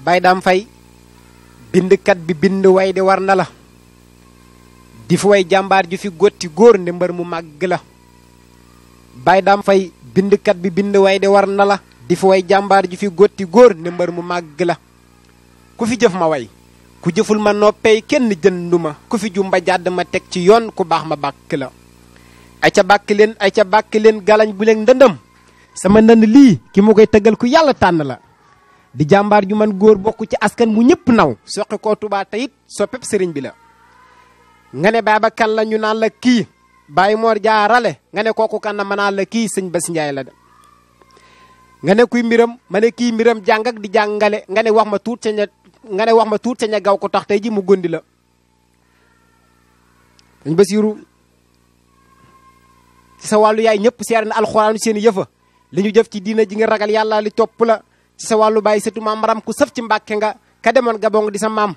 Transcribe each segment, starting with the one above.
bay daam fay bindkat bi bind way di war na la di fi way jàmbaar ju fi gotti góor ne mu màgg la bay daam fay bindkat bi bind way di war na la di fi way jàmbaar ju fi gotti góor ne mbër mu màgg la ku fi jëf ma way ku jëful ma noppey kenn jëndu ma ku fi jumba jàdd ma teg ci yoon ku baax ma bàkk la ay ca bàkk leen ay ca bàkk leen galañ bu leen ndëndam sama ndënd lii ki mu koy tëggal ku yàlla tànn la di jàmbaar ju man góor bokk ci askan mu ñëpp naw soqi ko tubaa tayit soppeb sëriñ bi la nga ne baaba kan la ñu naan la kii baay moo jaarale nga ne kooku kan na ma la kii sëñ Bass Ndiaye la nga ne kuy mbiram ma ne kii mbiram jàng di jàngale nga ne wax ma tuut ca wax ma tuut ca gaw ko tax tey ji mu gundi la sëñ Basiiru ci sa wàllu yaay ñëpp seer na alxuraanu seen yëfa li ñu jëf ci diina ji ragal yàlla li topp la ci sa wàllu baay sëtu maam maram ku sëf ci mbàkke nga ka demoon gabong di sa maam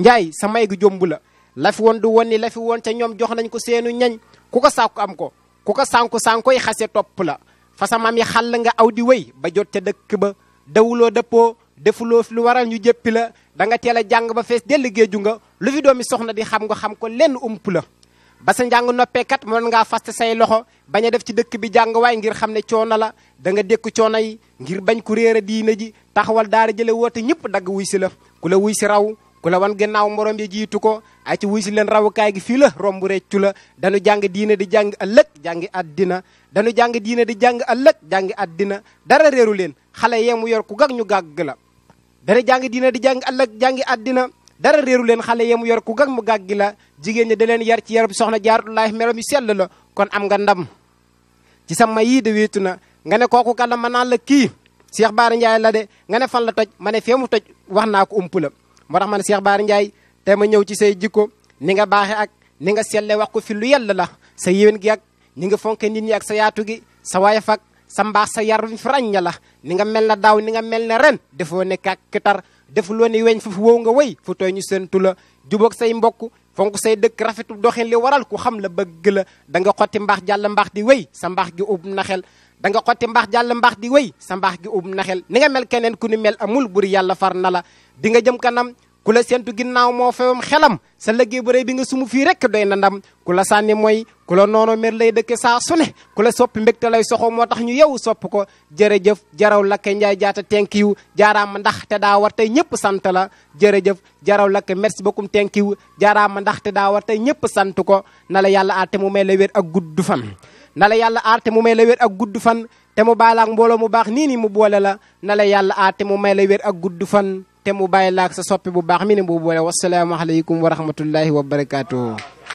njaay sa may gu jombu la la fi woon di woon ni la woon ca ñoom jox nañ ko seenu ñañ ku ko sàkku am ko ku ko sànku sànko yi xase topp la fa sa maam yi xàll nga aw di wéy ba jot ca dëkk ba dawuloo dëppoo defuloo fi lu waral ñu jéppi la da nga teel a jàng ba fees dell géeju nga lu fi doomi soxna di xam nga xam ko lenn ump la ba sa njàng noppeekat mënoon ngaa faste say loxo bañ a def ci dëkk bi jàng waay ngir xam ne coono la da nga dékku coono yi ngir bañ ku réer a diina ji taxawal daara jële woote ñëpp dagg wuy si la ku la wuy si raw ku la wan gannaaw morom yi jiitu ko ay ci wuy si leen rawukaay gi fii la romb reccu la dañu jàng diine di jàng ëllëg jàngi àddina dañu jàng diine di jàng ëllëg jàngi àddina dara réeru leen xale yee mu yor ku gag ñu gàgg la dana jàng diine di jàng ëllëg jàngi àddina dara réeru leen xale yee mu yor ku gag mu gàggi la jigéen ñi da leen yar ci yarab soxna jaaratullaahi merom yu sell la kon am nga ndam ci sama yii de wéetu na nga ne kooku kan la ma naa la kii Cheikh baara Ndiaye la de nga ne fan la toj ma ne fee mu toj wax naa ko ump la moo tax ma ne Cheikh Bara Ndiaye te ma ñëw ci say jikko ni nga baaxe ak ni nga selle wax ko fi lu yàlla la sa yéwén gi ak ni nga fonke nit ñi ak sa yaatu gi sa waaye ak sa mbaax sa yar fi ràñña la ni nga mel na daaw ni nga mel na ren dafoo nekk ak kitar def loo ni weñ foofu wow nga wéy fu tooy ñu séntu la jubóog say mbokk fonk say dëkk rafetu doxin li waral ku xam la bëgg gëla danga nga xotti mbaax jàll mbaax di wéy sa mbaax gi ub na xel da nga xotti mbaax jàll mbaax di wéy sa mbaax gi ub na ni nga mel keneen ku ni mel amul buri yàlla far na la di nga jëm kanam ku la ginnaaw moo fewam xelam sa liggéey bu rëy bi nga sumu fii rek doy na ndam ku la sànni mooy ku la noonu mer lay dëkke saa su ne ku la soppi mbégte lay soxo moo tax ñu yow sopp ko jërëjëf jaraw lakke njaay jaata tenkiw jaaraama ndax te daa war tey ñëpp sant la jërëjëf jaraw lakke merci beaucoup tenkiw jaaraama ndax te daa war tey ñëpp sant ko na la yàlla aar te mu may la wér ak gudd fan na la yàlla aar te mu may la wér ak gudd fan te mu baalaak mbooloo mu baax nii nii mu boole la na la yàlla aar te mu may la wér ak gudd fan te mu bàyyi laak sa soppi bu baax mi ne bu boole wasalaamualeykum wa rahmatullahi wa barakaatuhu